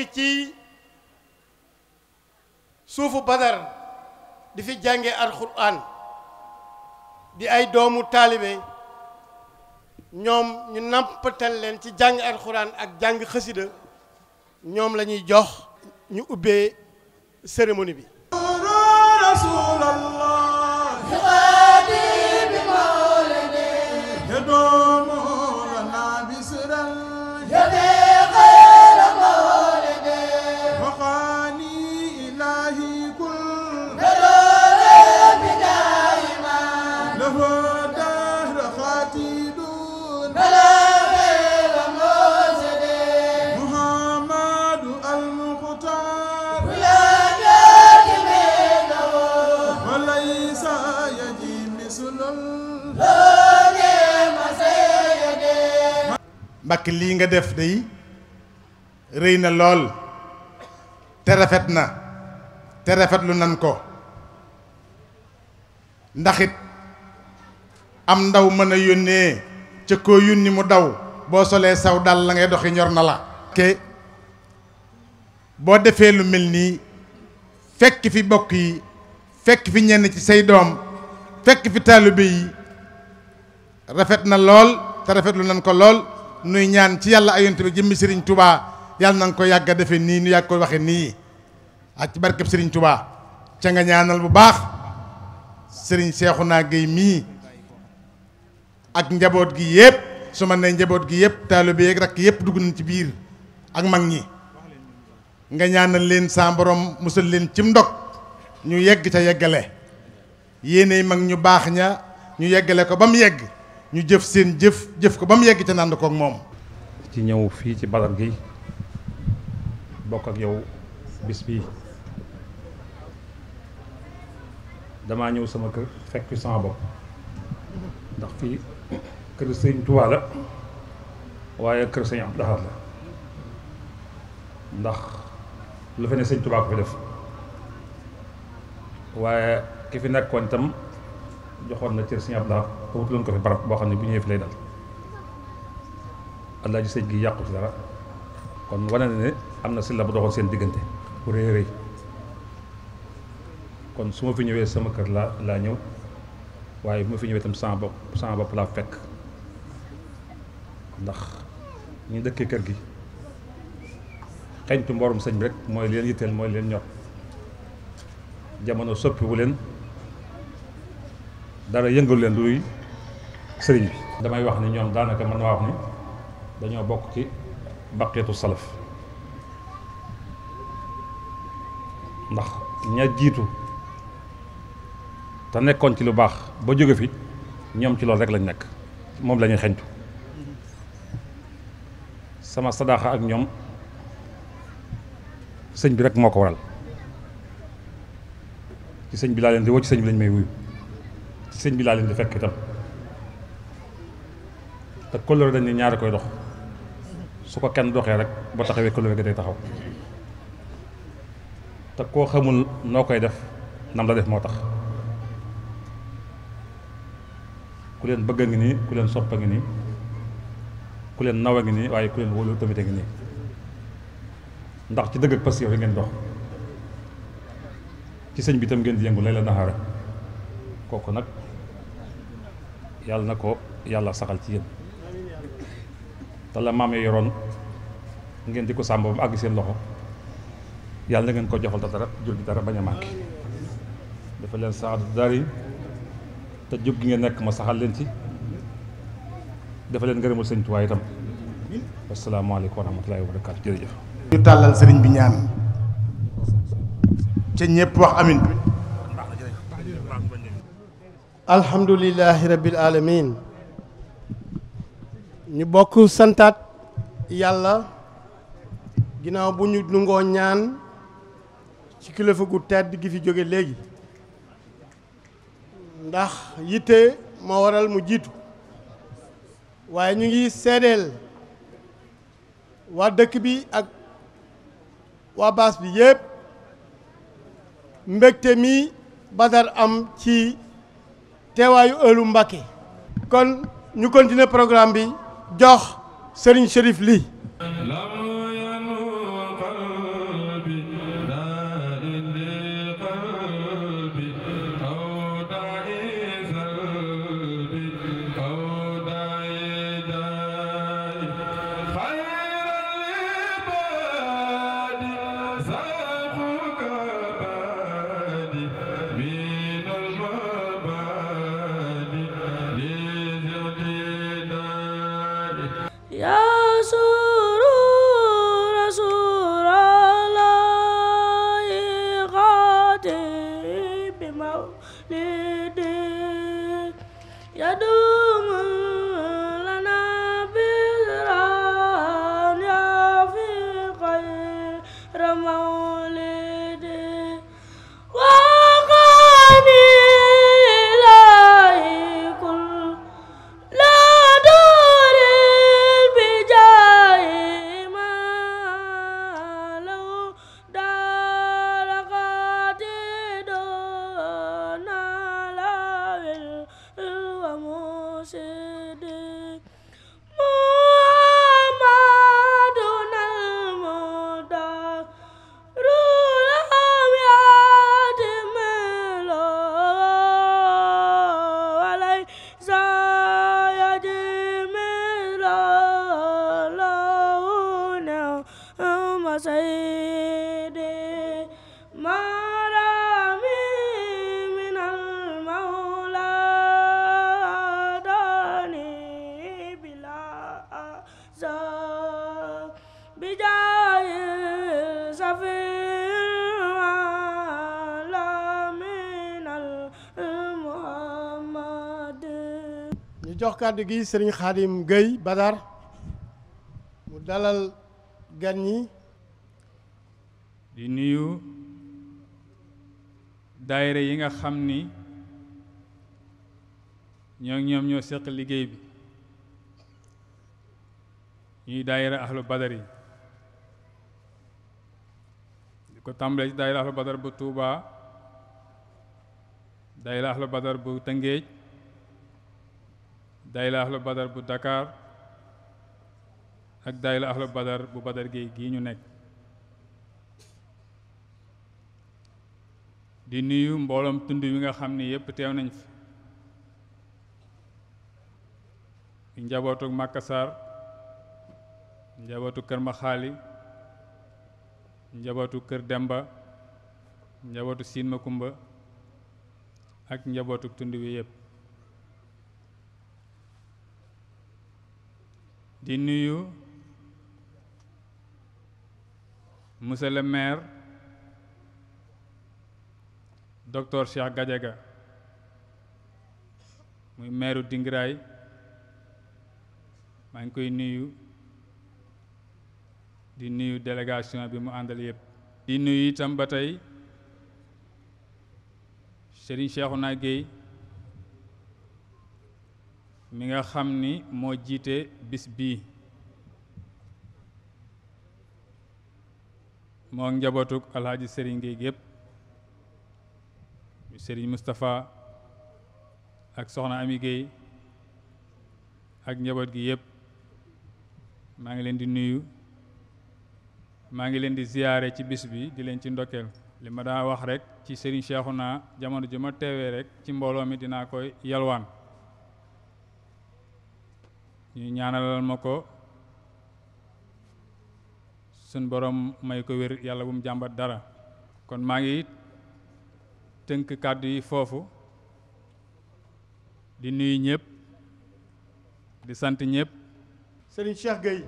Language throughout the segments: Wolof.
nekk ci suufu badar di fi jànge alxuraan di ay doomu taalibe ñoom ñu nampatal leen ci jàng alxuraan ak jàng xasida ñoom la ñuy jox ñu ubbee cérémonie bi rasulallah ak lii nga def day rëy na lool te rafet na te rafetlu nan ko ndaxit am ndaw mën a yónnee ca koo yónni mu daw boo solee saw la ngay doxi ñor na la ke boo defee lu mel nii fekk fi bokk yi fekk fi ñenn ci say doom fekk fi taalibe yi rafet na lool te rafetlu nan ko lool nuy ñaan ci yàlla ay yonent bi jëmmi Serigne Touba yàlla na nga ko yàgg a defee nii nu yàgg ko waxee nii ak ci barkeb Serigne Touba ca nga ñaanal bu baax Serigne Cheikhouna Gueye mii ak njaboot gi yëpp su ma nee njaboot gi yëpp taalibe yeeg rakk yëpp dugg nañ ci biir ak mag ñi nga ñaanal leen sa borom musal leen cim ndog ñu yegg ca yeggale yéenay mag ñu baax ña ñu yeggale ko ba mu yegg. ñu jëf seen jëf jëf ko ba mu yegg te nànd kook moom ci ñëw fii ci Badar gi bokk ak yow bis bii damaa ñëw sama kër fekk fi sama bopp ndax fii kër sëñ Tuubaa la waaye kër sëñ la ndax lu fi ne sëñ ko fi def waaye ki fi nekkoon tam joxoon na cër sëñ Abdou Lahad wutuloon ko fi barab boo xam ne bu ñëwee fi lay dal allah sëñ gi yàqu ci dara kon wane na ne am na si la bu doxoon seen diggante bu rëy rëy kon su ma fi ñëwee sama kër laa laa ñëw waaye bu ma fi ñëwee itam sama bopp sama bopp laa fekk ndax ñu dëkkee kër gi xeñtu mborum sëñ bi rek mooy leen yitteel mooy leen ñor jamono soppiwu leen dara yëngalu leen luy sëriñ bi damay wax ni ñoom daanaka mën naa wax dañoo bokk ci baqeetu salaf ndax ña jiitu te nekkoon ci lu baax ba jóge fi ñoom ci loolu rek lañ nekk moom lañuy xeñtu sama sadaaxa ak ñoom sëñ bi rek moo ko waral ci sëñ bi laa leen di woo ci sëñ bi lañ may wuyu ci sëñ bi laa leen di itam te kóllëre dañ ne ñaari koy dox su ko kenn doxee rek boo taxawee kóllëre gi day taxaw te koo xamul noo koy def nam la def moo tax ku leen bëgg a ngi nii ku leen sopp a ngi nii ku leen naw a ngi nii waaye ku leen wóolu tamit a ngi nii ndax ci dëgg ak pas yow ngeen dox ci sëñ bi tam ngeen di yëngu lay la naxaare kooku nag yàlla na ko yàlla saxal ci yéen te la maam ya yoroon ngeen di ko sàmm ba àgg seen loxo yàlla na ngeen ko joxal te dara jur gi dara bañ a manqué dafa leen saadu dari te jub gi ngeen nekk ma saxal leen ci dafa leen ngërëmal sëñ Tuubaa itam asalaamaaleykum wa rahmatulaahi wa barakaatu jërëjëf. ñu tàllal sëriñ bi ñaan ca ñëpp wax amin. alhamdulilahi rabbil alamin ñu bokk santaat yàlla ginnaaw bu ñu nungoo ñaan ci kilifa gu tedd gi fi jóge léegi ndax yitte moo waral mu jiitu waaye ñu ngi seedeel waa dëkk bi ak waa baas bi yépp mbégte mi Badar am ci teewaayu ëllu Mbàkke kon ñu continuer programme bi jox Serigne Chérif lii وسيدي مرامي من المولى داني بلا أحزاب بجاه السفير وعلى من المحمد ñu jox kàddu gi Serigne Khadim Gueye Badar mu dalal gan ñi di nuyu daayira yi nga xam ni ñoo ñoom ñoo séq liggéey bi ñuy daayira ahlu badar yi di ko tàmbalee ci daayira ahlu badar bu Tuuba daayira ahlu badar bu Tëngéej daayira ahlu badar bu Dakar ak daayira ahlu badar bu Badar Géey gii ñu nekk di nuyu mbooloom tund wi nga xam ni yëpp teew nañ fi njabootuk Makassar njabootu kër Maxaali njabootu kër Demba njabootu Siin Makumba ak njabootuk tund wi yëpp di nuyu monsieur le maire docteur Cheikh Gadiaga muy maire Dingiraay maa ngi koy nuyu di nuyu délégation bi mu àndal yëpp di nuyu itam ba tey Serigne Cheikhouna Gueye mi nga xam ni moo jiite bis bi moo njabootuk alxaaji Serigne Gueye gépp sëriñ mustafa ak soxna Ami ak njaboot gi yépp maa ngi leen di nuyu maa ngi leen di ziyaare ci bis bi di leen ci ndokkeel li ma daa wax rek ci sëriñ Cheikhouna jamono ju ma teewee rekk ci mbooloo mi dinaa koy yalwaan ñu ñaanalal ma ko suñ boroom may ko wér yàlla bu mu jàmbat dara kon maa ngi tënk kàddu yi foofu di nuyu ñëpp di sant ñëpp Serigne Cheikh Gueye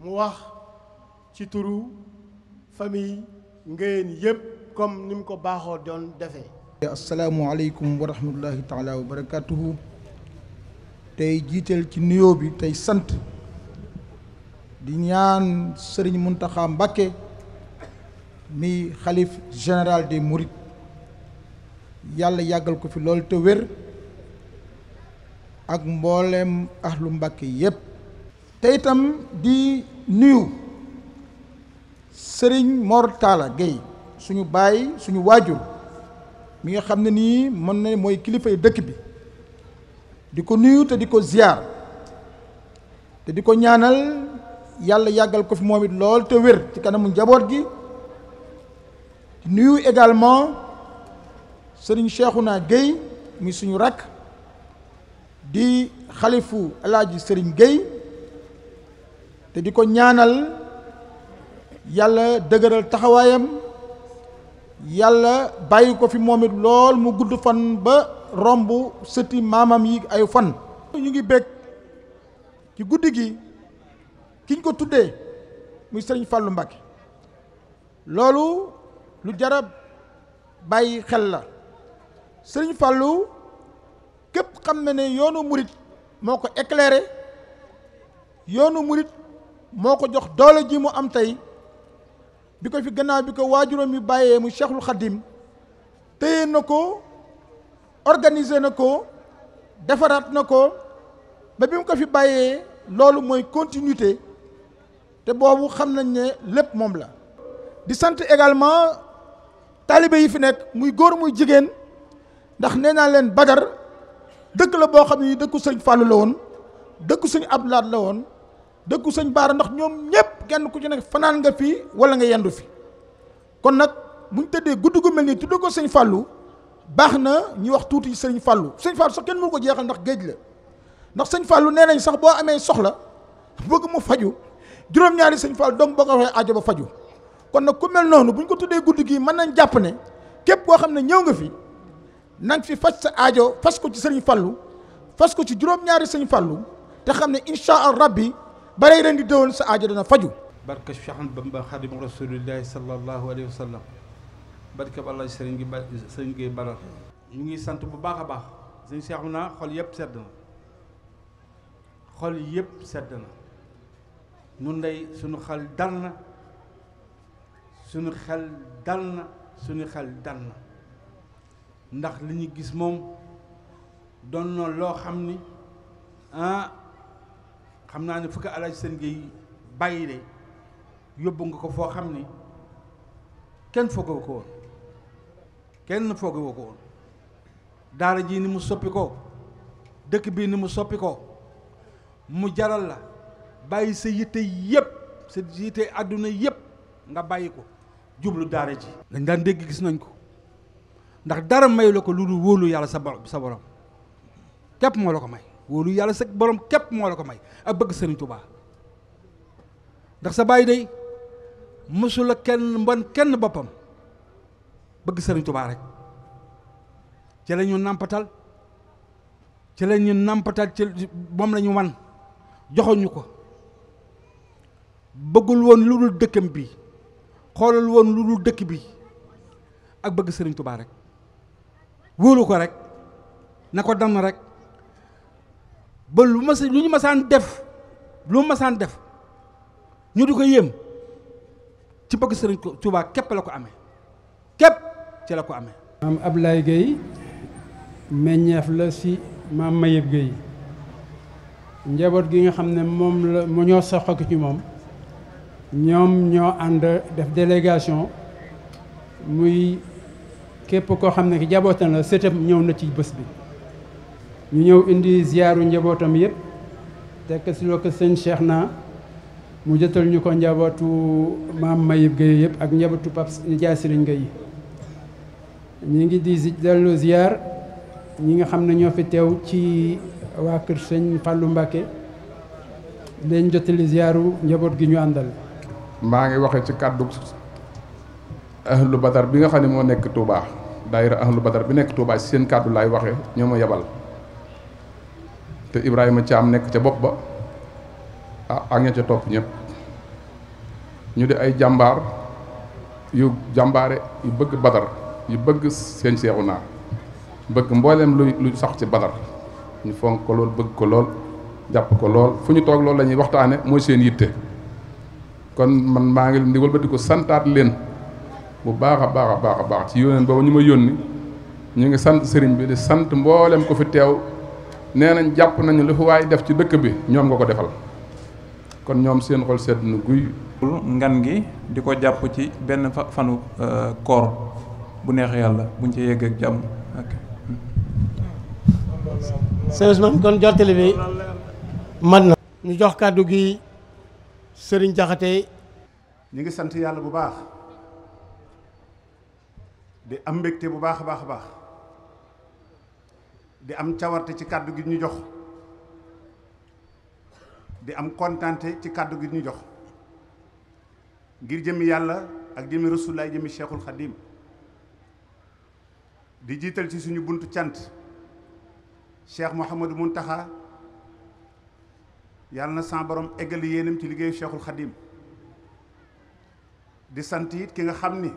mu wax ci turu famille Ngéyeen yëpp comme ni mu ko baaxoo doon defee asalaamualeykum wa rahmatullahi taala wa barakatuhu tey jiital ci nuyoo bi tey sant di ñaan Serigne Mountakha Mbacké mi xalif général des Mourides yàlla yàggal ko fi lool te wér ak mbooleem ahlu Mbàkke yépp te itam di nuyu sëriñ Mor Talla suñu baay suñu waajur mi nga xam ne nii mën na mooy kilifay dëkk bi di ko nuyu te di ko ziyaar te di ko ñaanal yàlla yàggal ko fi moom it lool te wér ci kanamu njaboot gi nuyu également sëriñ naa géy mi suñu rakk di xalifu alaaji sëriñ géy te di ko ñaanal yàlla dëgëral taxawaayam yàlla bàyyi ko fi moom it lool mu gudd fan ba romb sëti maamam yi ay fan ñu ngi bég ci guddi gi kiñ ko tuddee muy sëriñ Fallou Mbacké loolu lu jarab bàyyi xel la sëriñ Fallou képp xam na ne yoonu murit moo ko éclaire yoonu murit moo ko jox doole ji mu am tey bi ko fi gannaaw bi ko waajuram yu bàyyee mu Cheikhul Khadim téye na ko organiser na ko defaraat na ko ba bi mu ko fi bàyyee loolu mooy continuité te boobu xam nañ ne lépp moom la di sant également taalibe yi fi nekk muy góor muy jigéen ndax nee naa leen Badar dëkk la boo xam yi dëkku sëñ Fallou la woon dëkku sëñ Abdou Lahad la woon dëkku sëñ Baara ndax ñoom ñëpp kenn ku ci nekk fanaan nga fii wala nga yendu fi kon nag buñ tëddee guddi gu mel nii tudd ko sëñ Fallou baax na ñu wax tuuti sëñ Fallou sëñ Fallou kenn mënu ko jeexal ndax géej la ndax sëñ Fallou nee nañ sax boo amee soxla bëgg mu faju juróom-ñaari sëñ Fallou donc boo ko waxee aajo faju kon nag ku mel noonu buñ ko tuddee guddi gii mën nañ jàpp ne képp koo xam ne ñëw nga fi. na fi faj sa aajo fas ko ci sëriñ fallu fas ko ci juróom-ñaari sëriñ fallu te xam ne incha allah rabbi barey ren di déwén sa aajo dana faju barka Cheikh Ahmadou Bamba xaadimu rasulillahi sallallahu alayhi wa sallam barka ba allah sëriñ gi ba sëriñ gi baral ñu ngi sant bu baax a baax sëriñ Cheikh naa xol yëpp sedd na xol yëpp sedd na nun day suñu xel dal na suñu xel dal na suñu xel dal na ndax li ñu gis moom doon na loo xam ni ah xam naa ne fukki alaaji seen ngay bàyyi de yóbbu nga ko foo xam ni kenn foogewu ko woon kenn foogewu ko woon daara jii ni mu soppi ko dëkk bii ni mu soppi ko mu jaral la bàyyi sa yitte yépp sa yitte àdduna yépp nga bàyyi ko jublu daara ji dañ daan dégg gis nañ ko ndax dara mayu ko lu dul wóolu yàlla sa sa borom képp moo la ko may wóolu yàlla sa borom képp moo la ko may ak bëgg sëriñ Tuubaa ndax sa bàyyi day mësula kenn mbon boppam bëgg sëriñ Tuubaa rek ci ñu nàmpatal ci nàmpatal ci moom la ñu joxoñu ko bëggul woon lu dul dëkkam bi xoolal woon lu dul dëkk bi ak bëgg sëriñ Tuubaa rek wóolu ko rek na ko damm rek ba lu ma lu ñu masaan def lu ma masaan def ñu di ko yéem ci bëgg sëriñ Tuubaa képp la ko ame képp ci la ko amee maam Ablaye Gueye meññeef la si maam Mayib Gueye njaboot gi nga xam ne moom la mu ñoo soxla ci moom ñoom ñoo ànd def délégation muy képp koo xam ne ki jabootam la sëtam ñëw na ci bés bi ñu ñëw indi ziyaaru njabootam yëpp tekk si loo ko sëñ naa mu jotal ñu ko njabootu maam Mayib Gueye yëpp ak njabootu Pape Ndiaye Serigne Gueye ñu ngi di dellu ziyaar ñi nga xam ne ñoo fi teew ci waa kër sëñ Fallou Mbacké leen jotali ziyaaru njaboot gi ñu àndal maa ngi waxe ci kàddu lu badar bi nga xam ne moo nekk Touba daayira ahlu badar bi nekk Touba ci seen kàddu laay waxee ñoo ma yebal te Ibrahima Thiam nekk ca bopp ba ah ak ña ca topp ñëpp ñu di ay jàmbaar yu jàmbaare yu bëgg badar yu bëgg seen seexu naa bëgg mbooleem lu lu sax ci badar ñu fonk ko lool bëgg ko lool jàpp ko lool fu ñu toog loolu la ñuy waxtaane mooy seen yitte kon man maa ngi leen di wëlbati ko santaat leen bu baax a baax a baax a baax ci yónneen boobu ñu ma yónni ñu ngi sant sëriñ bi di sant mbooleem ko fi teew nee nañ jàpp nañu lu fi waay def ci dëkk bi ñoom nga ko defal kon ñoom seen xol sedd na guy. ngan gi di ko jàpp ci benn fanu euh, koor bu neex yàlla buñ ci yegg ak jàmm ak. sëñ kon jottali bi mat na. ñu jox kàddu gi sëriñ Jaxate. ñu ngi sant yàlla bu baax. di am mbégte bu baax a baax a baax di am cawarte ci kàddu gi ñu jox di am kontante ci kàddu gi ñu jox ngir jëmi yàlla ak jëmi rasulaay jëmi cheikhul xadim di jiital ci suñu buntu cant cheikh Mouhamadou Mountakha yàlla na sa borom eggali yéenam ci liggéeyu cheikhul xadim di sant it ki nga xam ni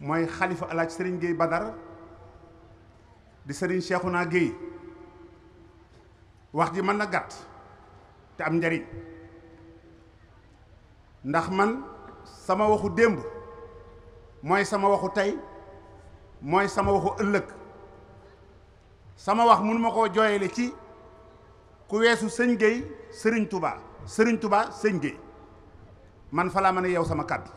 mooy xalifa alaaj sëriñ Gueye Badar di sëriñ naa Gueye wax ji mën na gàtt te am njariñ ndax man sama waxu démb mooy sama waxu tey mooy sama waxu ëllëg sama wax mënu ma koo jooyale ci ku weesu sëñ Gueye sëriñ tubaa sëriñ tubaa sëñ Gueye man fa laa mën a yeew sama kàddu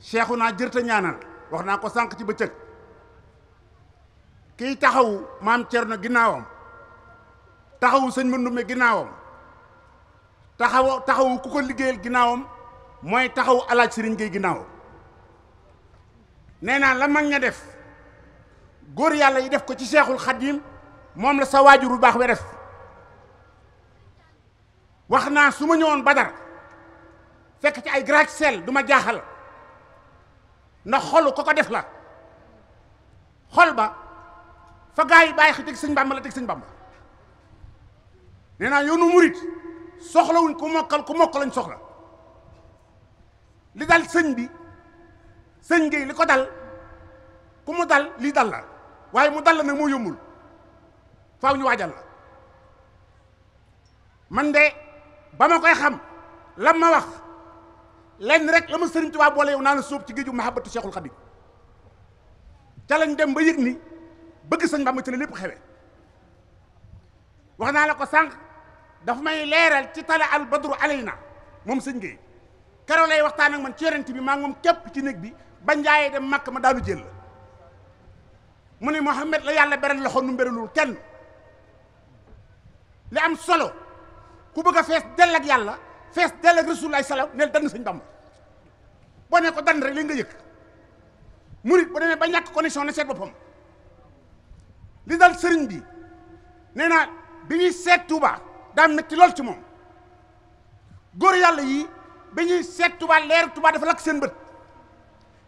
seexu naa jërta ñaanal wax naa ko sànq ci bëccëg kiy taxawu maam Cerno ginnaawam taxawu sëñ Mandume ginnaawam taxaw taxawu ku ko liggéeyal ginnaawam mooy taxawu alaaj sëriñ Géey ginnaawam nee naa la mag ña def góor yàlla yi def ko ci seexul xadiim moom la sa waajur wu baax we def wax naa su ma ñëwoon Badar fekk ci ay gratte-ciel du ma jaaxal ndax xolu ko ko def la xol ba fa gaa yi bàyyi xel teg sëñ bàmba la teg sëñ bàmba nee naa yoonu murit soxlawuñ ku mokkal ku mokk lañ soxla li dal sëñ bi sëñ gi li ko dal ku mu dal lii dal la waaye mu dal la nag moo yombul faaw ñu waajal la man de ba ma koy xam lam ma wax lenn rek la ma sëriñ Tuubaa boole yow naa la sóob ci géeju mahabbatu Cheikhul Khadim ca lañ dem ba yëg ni bëgg sëñ Bàmba ci lépp xewe wax naa la ko sànq dafa may leeral ci tala al badru moom sëñ Gueye keroog lay waxtaan ak man ci yorent bi maa moom képp ci néeg bi ba njaayee dem màkk ma daanu jël la mu ne Mouhamed la yàlla beral loxo nu mberalul kenn li am solo ku bëgg fees dell ak yàlla fees dell ak rasulaay salaam neel dann sëñ bamba boo ko dann rek li nga yëg murit bu ne ba ñàkk connexion na seet boppam li dal sëriñ bi nee naa bi ñuy seet Touba daa metti lool ci moom góor yàlla yii bi ñuy seet Touba leer Touba dafa lakk seen bët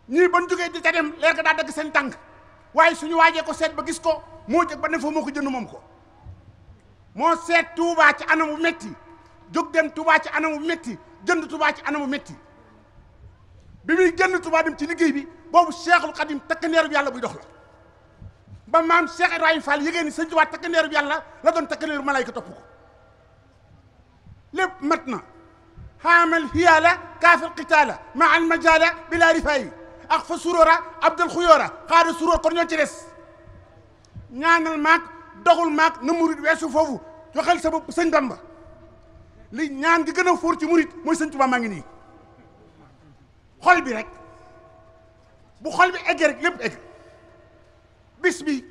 ñii ban jógee di ca dem leer ga daa dagg seen tànk waaye suñu waajee ko seet ba gis ko moo jëg ba ne fa moo ko jënd moom ko moo seet Touba ci anam bu metti jóg dem Touba ci anamu métti jënd Touba ci anamu métti bi muy jënd Touba ci liggéey bi boobu Cheikhul Khadim takk neerub yàlla buy dox la ba maam Cheikh Ibrahima Fall yëgee ni sëñ Touba takk yàlla la doon takk neerub malayka topp ko lépp mat na xaamal hiyaala kaafir qitaala ma al majaala bila rifaayi ak fa suróora abdal xuyoora xaada suróor kon ñoo ci des ñaanal maag doxul maag na murit weesu foofu joxel sa bopp sëñ Bamba li ñaan gi gën a fóor ci murit mooy sëñ Tuubaa maa ngi nii xol bi rek bu xol bi eggee rek lépp egg bis bi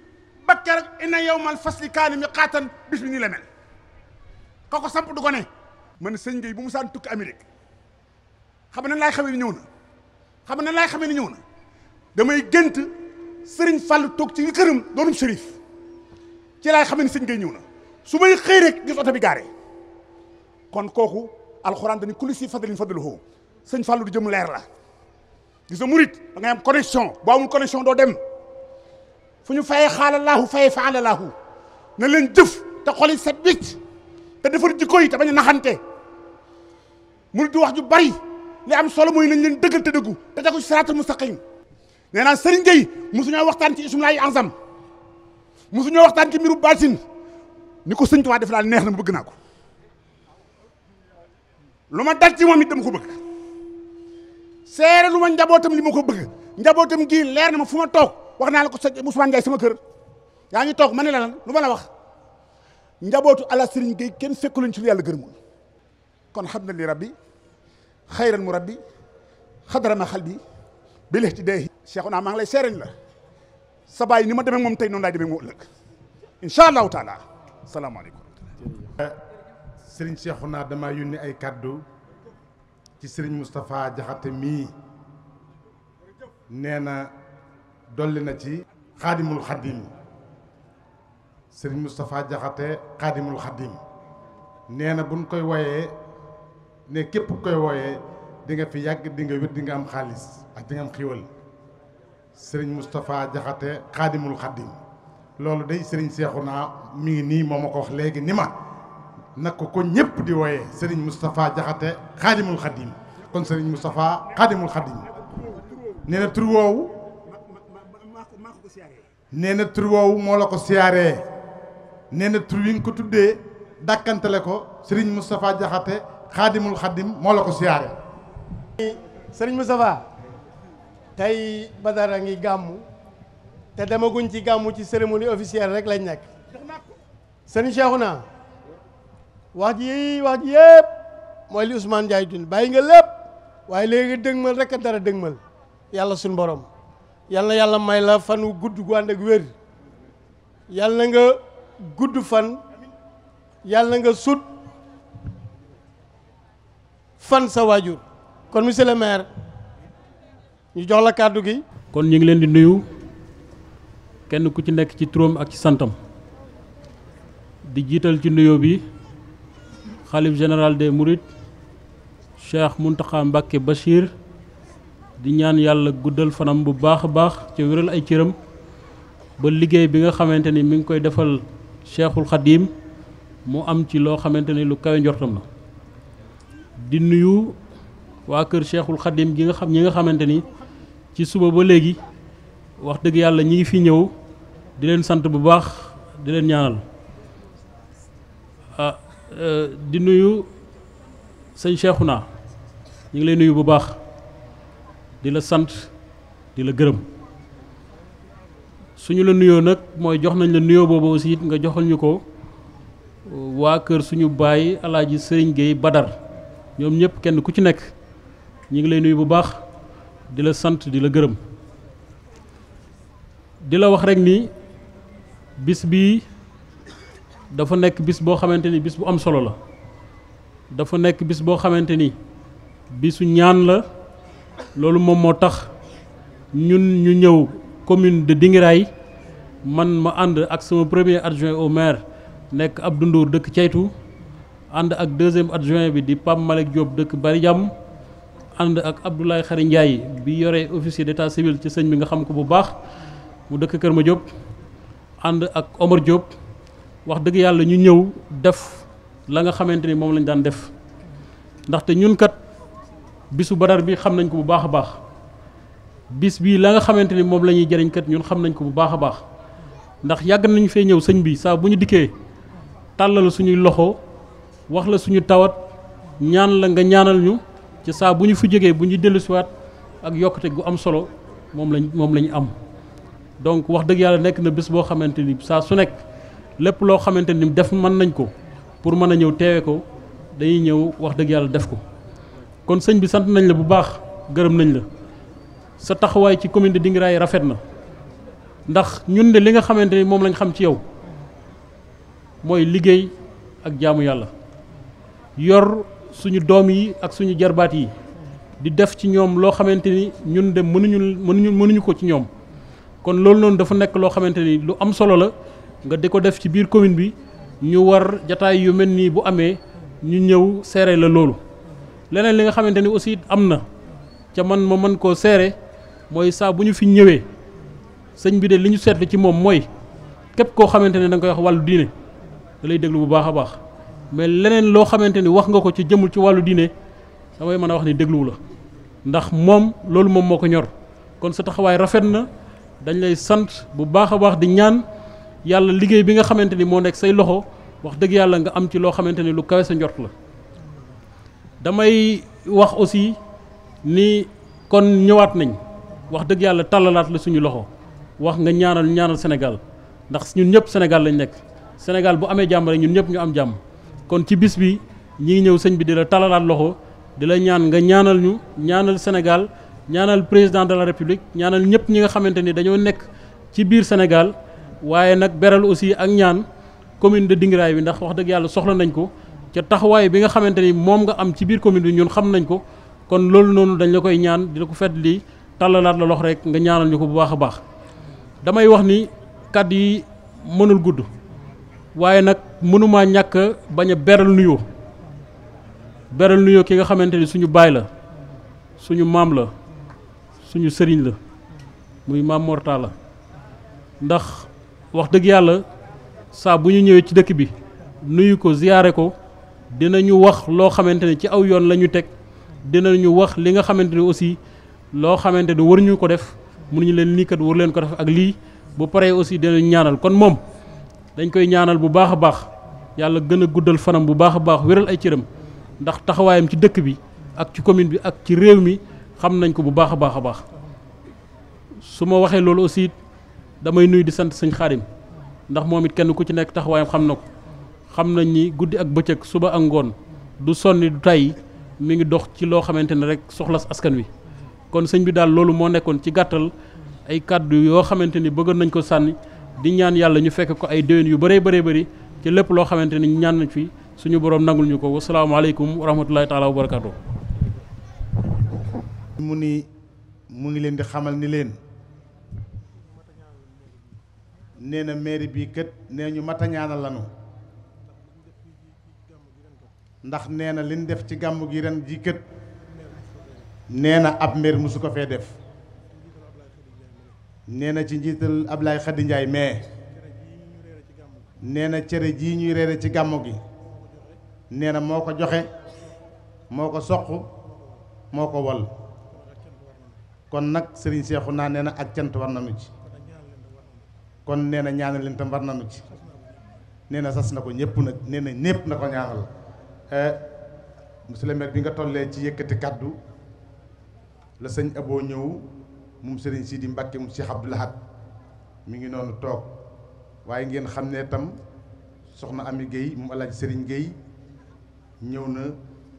ba keroog inna yawmal fasli kaana miqaatan bis bi nii la mel ka ko samp du ne man sëñ Gueye bu mu saan tukki Amérique xam na laay xamee ni ñëw na xam na laay xamee ni ñëw na damay gént sëriñ Fàllu toog ci këram doonum sërif ci laay xamee ni sëñ Gueye ñëw na su may xëy rek gis oto bi gaare kon kooku alxuraan dañu kulli si fadlin fadluhu sëñ Fallou du jëm leer la gis nga murit da ngay am connexion boo amul connexion doo dem fu ñu fayee xaalalaahu fayee faalalaahu na leen jëf te xoli set wicc te defar jikko yi te bañ a naxante murit di wax ju bari li am solo mooy nañ leen dëggal te dëggu te tegu ci siraatal mustaqim nee naa sëriñ Gueye mosuñoo waxtaan ci ismu mu ansam mosuñoo waxtaan ci mbiru baatin ni ko sëñ waa def daal neex na bëgg naa ko lu ma dal ci moom it dama ko bëgg seere lu ma njabootam li ma ko bëgg njabootam gii leer na ma fu ma toog wax naa la ko sëñ Ousmane Ndiaye sama kër yaa ngi toog ma ne la lan lu ma la wax njabootu ala sëriñ Gueye kenn fekk leen ci lu yàlla gërëmul kon xam na li rabbi xayran mu rabbi xadarama xal bi bi lexti dee Cheikhouna maa ngi lay seereñ la sa baay ni ma demee moom tey noon laay demee moo ëllëg incha allahu taala salaamaaleykum sëriñ naa dama yónni ay kàddu ci sëriñ Moustapha Jaxate mii nee na dolli na ci xaadimul xaddim sëriñ Moustapha Jaxate xaadimul xaddim nee na buñ koy woyee ne képp koy woyee di nga fi yàgg di nga wér di nga am xaalis ak di nga am xiwal sëriñ Moustapha Jaxate xaadimul xaddim loolu day sëriñ naa mu ngi nii moo ma ko wax léegi ni ma nag ko ko ñëpp di wooyee Serigne Moustapha Jaxate xaadimul xadim kon Serigne Moustapha xaadimul xadim nee na tur woowu nee na tur woowu moo la ko siyaaree nee na ko tuddee dàkkantale ko sëriñ Moustapha Jaxate xaadimul xadim moo la ko siyaaree. Serigne Moustapha tey Badara ngi gàmmu te demaguñ ci gàmmu ci cérémonie officielle rek lañ nekk Serigne Cheikhouna wax ji wax ji yëpp mooy li Ousmane Ndiaye dund bàyyi nga lépp waaye léegi dëgmal rek a dara dëgmal yàlla suñ borom yàlla yàlla may la fan wu gudd gu ànd ak wér yàlla nga gudd fan yàlla nga sut fan sa waajur kon monsieur le ñu jox la kàddu gi. kon ñu ngi leen di nuyu kenn ku ci nekk ci turam ak ci santam di jiital ci nuyoo bi. xalif général des Mourides Cheikh Mountakha Mbacké Bachir di ñaan yàlla guddal fanam bu baax a baax ci wéral ay cëram ba liggéey bi nga xamante ni mi ngi koy defal Cheikhul Khadim mu am ci loo xamante ni lu kawe njortam la di nuyu waa kër Cheikhul Khadim gi nga xam ñi nga xamante ni ci suba ba léegi wax dëgg yàlla ñi ngi fi ñëw di leen sant bu baax di leen ñaanal ah, Euh, di nuyu sëñ Cheikhouna ñu ngi lay nuyu bu baax di la sant di la gërëm suñu la nuyoo nag mooy jox nañ la nuyoo boobu aussi it nga joxal ñu ko euh, waa kër suñu baay alaaji sëriñ géey Badar ñoom ñëpp kenn ku ci nekk ñu ngi lay nuyu bu baax di la sant di la gërëm di la wax rekk ni bis bii dafa nekk bis boo xamante ni bis bu am solo la dafa nekk bis boo xamante ni bisu ñaan la loolu moom moo tax ñun ñu ñëw commune de Dingiraay man ma ànd ak sama premier adjoint au maire nekk Abdou Ndour dëkk Ceytu ànd ak deuxième adjoint bi di Pape Malick Diop dëkk Bari Jàmm ànd ak Abdoulaye Khary Ndiaye bi yore officier d'état civil ci sëñ bi nga xam ko bu baax mu dëkk Kër Ma Diop ànd ak Omar Diop. wax dëgg yàlla ñu ñëw def la nga xamante ni moom lañ daan def ndaxte ñun kat bisu badar bi xam nañ ko bu baax a baax bis bii la nga xamante ni moom la ñuy jëriñ kat ñun xam nañ ko bu baax a baax ndax yàgg nañu fee ñëw sëñ bi saa bu ñu dikkee tàllal suñuy loxo wax la suñu tawat ñaan la nga ñaanal ñu ci saa bu ñu fi jógee bu ñu dellusiwaat ak yokkute gu am solo moom lañ moom la ñu am donc wax dëgg yàlla nekk na bés boo xamante ni saa su nekk. lépp loo xamante ni def mën nañ ko pour mën a ñëw teewe ko dañuy ñëw wax dëgg yàlla def ko kon sëñ bi sant nañ la bu baax gërëm nañ la sa taxawaay ci commune de Dingiraay rafet na ndax ñun de li nga xamante ni moom lañ xam ci yow mooy liggéey ak jaamu yàlla yor suñu doom yi ak suñu jarbaat yi di def ci ñoom loo xamante ni ñun de mënuñu mënuñu mënuñu ko ci ñoom kon loolu noonu dafa nekk loo xamante ni lu am solo la nga di ko def ci biir commune bi ñu war jataay yu mel nii bu amee ñu ñëw seere la loolu leneen li nga xamante ni aussi am na ca man ma mën koo seere mooy saa bu ñu fi ñëwee sëñ bi de li ñu seetlu ci moom mooy képp koo xamante ne da koy wax wàllu diine da lay déglu bu baax a baax mais leneen loo xamante ni wax nga ko ci jëmul ci wàllu diine damay mën a wax ni dégluwu la ndax moom loolu moom moo ko ñor kon sa taxawaay rafet na dañ lay sant bu baax a baax di ñaan. yàlla liggéey bi nga xamante ni moo nekk say loxo wax dëgg yàlla nga am ci loo xamante ni lu kawe sa njort la damay wax aussi ni kon ñëwaat nañ wax dëgg yàlla tàllalaat la suñu loxo wax nga ñaanal ñaanal Sénégal ndax ñun ñëpp Sénégal lañ nekk Sénégal bu amee jàmm ñun ñëpp ñu am jàmm kon ci bis bi ñi ngi ñëw sëñ bi di la tàllalaat loxo di la ñaan nga ñaanal ñu ñaanal Sénégal ñaanal président de la République ñaanal ñëpp ñi nga xamante ni dañoo nekk ci biir Sénégal waaye nag beral aussi ak ñaan commune de Dingiraay bi ndax wax dëgg yàlla soxla nañ ko ca taxawaay bi nga xamante ni moom nga am ci biir commune bi ñun xam nañ ko kon loolu noonu dañ la koy ñaan di la ko fet lii tàllalaat la lox rek nga ñaanal ñu ko bu baax a baax damay wax ni kàddu yi mënul gudd waaye nag mënumaa ñàkk bañ a beral nuyoo beral nuyoo ki nga xamante ni suñu baay la suñu maam la suñu sëriñ la muy maam Mor Talla ndax wax dëgg yàlla saa bu ñu ñëwee ci dëkk bi nuyu ko ziyaare ko ñu wax loo xamante ne ci aw yoon la ñu teg ñu wax li nga xamante ne aussi loo xamante ni war ñu ko def mënuñu leen lii kat war leen ko def ak lii bu paree aussi dinañu ñaanal kon moom dañ koy ñaanal bu baax a baax yàlla gën a guddal fanam bu baax a baax wéral ay cëram ndax taxawaayam ci dëkk bi ak ci commune bi ak ci réew mi xam nañ ko bu baax a baax a baax su ma waxee loolu damay nuyu di sant sëñ xaarim ndax moom it kenn ku ci nekk taxawaayam xam na ko xam nañ ni guddi ak bëccëg suba ak ngoon du sonni du tàyyi mi ngi dox ci loo xamante ni rek soxlas askan wi kon sëñ bi daal loolu moo nekkoon ci gàttal ay kàddu yoo xamante ni bëggoon nañ ko sànni di ñaan yàlla ñu fekk ko ay déwén yu bëree bëree bëri ci lépp loo xamante ni ñaan fi suñu borom nangul ñu ko wasalaamaaleykum wa rahmatulahi taala wa barakaatu. mu ni mu ngi leen di xamal ni leen. nee na mairie bii kët nee ñu mat a ñaanal lanu ndax nee na liñ def ci gàmmu gi ren jii kët nee na ab maire mosu ko fee def nee na ci njiital Ablaye Khady Ndiaye mais nee na cere jii ñuy reere ci gàmmu gi nee na moo ko joxe moo ko soq moo ko wal kon nag Serigne naa nee na ak cant war nañu kon nee na ñaanal leen tam war nañu ci nee na sas na ko ñëpp nag nee na ñëpp na ko ñaanal eh, monsieur le maire bi nga tollee ci yëkkati kàddu la sëñ aboo ñëw moom sëriñ Sidi Mbàkke mu si Cheikh Abdou Lahad mi ngi noonu toog waaye ngeen xam ne tam soxna Ami Guèye mu alaaji sëriñ Guèye ñëw na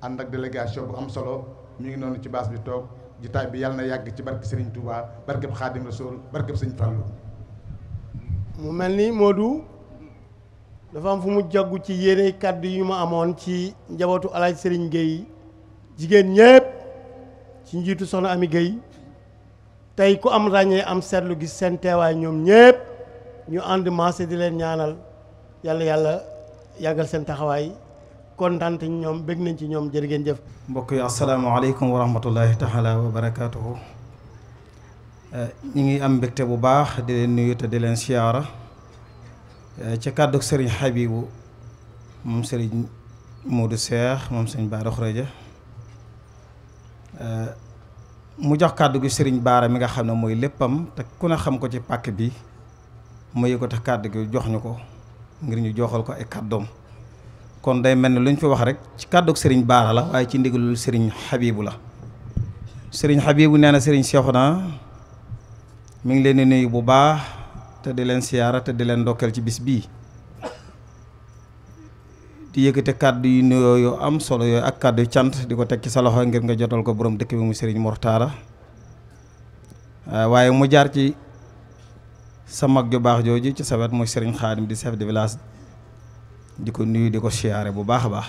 ànd ak délégation bu am solo mi ngi noonu ci baas bi toog jitaay bi yàlla na yàgg ci barke sëriñ Touba barkeb Xaadim Rasuul barkeb sëñ Fallou mu mel ni Modou dafa am fu mu jaggu ci yéene kàddu yu ma amoon ci njabootu alaaj Serigne Gueye jigéen ñépp ci njiitu soxna Ami Gueye tey ku am ràññee am seetlu gis seen teewaay ñoom ñépp ñu ànd maase di leen ñaanal yàlla yàlla yàggal seen taxawaay kontaan ñoom bég nañ ci ñoom jër ngeen jëf mbokk yi asalaamaaleykum wa rahmatullahi taala wa barakaatuhu Euh, ñu ngi am mbégte bu baax di leen nuyu te di leen siyaara euh, ci kàddu sëriñ Xabibu moom sëriñ Moodu Seex moom sëriñ Baara Xureja euh, mu jox kàddu gi sëriñ Baara mi nga xam ne mooy léppam te ku ne xam ko ci pàkk bi mu yëg tax kàddu gi jox ñu ko ngir ñu joxal ko ay kàddoom kon day mel ne lu ñu fi wax rek ci kàddu sëriñ Baara la waaye ci ndigalul sëriñ Xabibu la sëriñ Xabibu nee na sëriñ Seexuna mi ngi leen di nuyu bu baax te di leen siyaara te di leen ndokkeel ci bis bii di yëkkate kàddu yu nuyoo yu am solo yooyu ak kàddu yu cant di ko teg ci sa loxo ngir nga jotal ko boroom dëkk bi mu Serigne Mor Talla ah, waaye mu jaar ci sa mag ju baax jooju ci sa wet muy Serigne Khadim di chef de village di ko nuyu di ko siyaare bu baax a baax.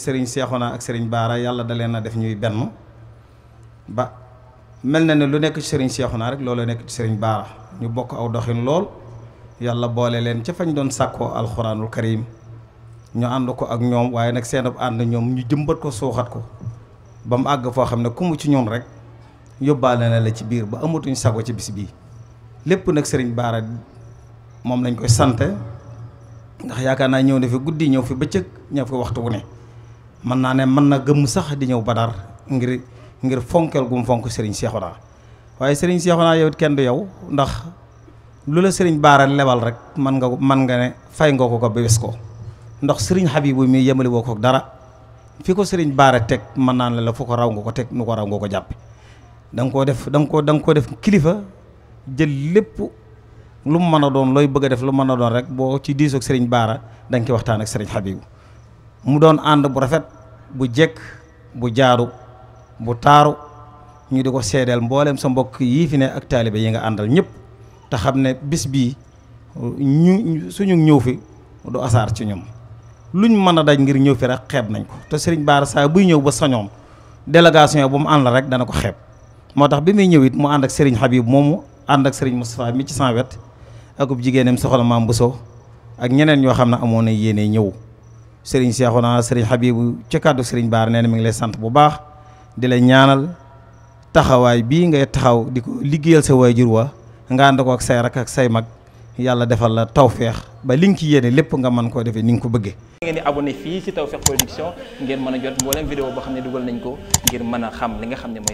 Serigne Cheikhouna ak sëriñ Baara yàlla da leen a def ñuy benn ba. mel na ne lu nekk ci sëriñ naa rek loolu nekk ci sëriñ Baara ñu bokk aw doxin lool yàlla boole leen ca fañ doon sàkkoo alxuraanul karim ñu ànd ko ak ñoom waaye nag seen ànd ñoom ñu jëmbat ko suuxat ko ba mu àgg foo xam ne ku ci ñun rek yóbbaale na la ci biir ba amatuñ sago ci bis bii lépp nag sëriñ Baara moom lañ koy sant ndax yaakaar naa ñëw na fi guddi ñëw fi bëccëg ñëw fi waxtu wu ne mën naa ne mën na gëmm sax di ñëw Badar ngir. ngir fonkeel gu mu fonk sëriñ Seexuna waaye sëriñ Seexuna yow it kenn du yow ndax lu la sëriñ Baara lebal rek man nga man nga ne fay nga ko ko bewes ko ndax sëriñ Habibu mi yemale woo ko dara fi ko sëriñ Baara teg mën naan la la ko raw nga ko teg nu ko ko jàpp da nga koo def da nga koo da koo def kilifa jël lépp lu mu mën a doon looy bëgg a def lu mën a doon rek boo ci diisoo ak sëriñ Baara da nga koy waxtaan ak sëriñ Habibu mu doon ànd bu rafet bu jekk bu jaaru bu taaru ñu di ko seedeel mbooleem sa mbokk yii fi ne ak taalibe yi nga àndal ñëpp te xam ne bis bii ñu suñu ñëw fi du asaar ci ñoom luñ mën a daj ngir ñëw fi rek xeeb nañ ko te sëriñ Baara saa buy ñëw ba sañoon délégation bu mu ànd rek dana ko xeeb moo tax bi muy ñëw it mu ànd ak sëriñ Habib moomu ànd ak sëriñ Moustapha mi ci sans wet akub jigéenam soxna maam Bousso ak ñeneen ñoo xam ne amoon na yéene ñëw sëriñ Cheikhouna sëriñ Habib ci kàddu sëriñ Baara nee na mi ngi lay sant bu baax. di la ñaanal taxawaay bii ngay taxaw di ko liggéeyal sa waajur wa nga ànd ko ak say rak ak say mag yàlla defal la tawféex ba li nga ci yéene lépp nga mën koo defee ni nga ko bëggee. ngeen di abonné fii ci Tawfekh Production ngeen mën a jot mboolem vidéo boo xam ne dugal nañ ko ngir mën a xam li nga xam ne mooy.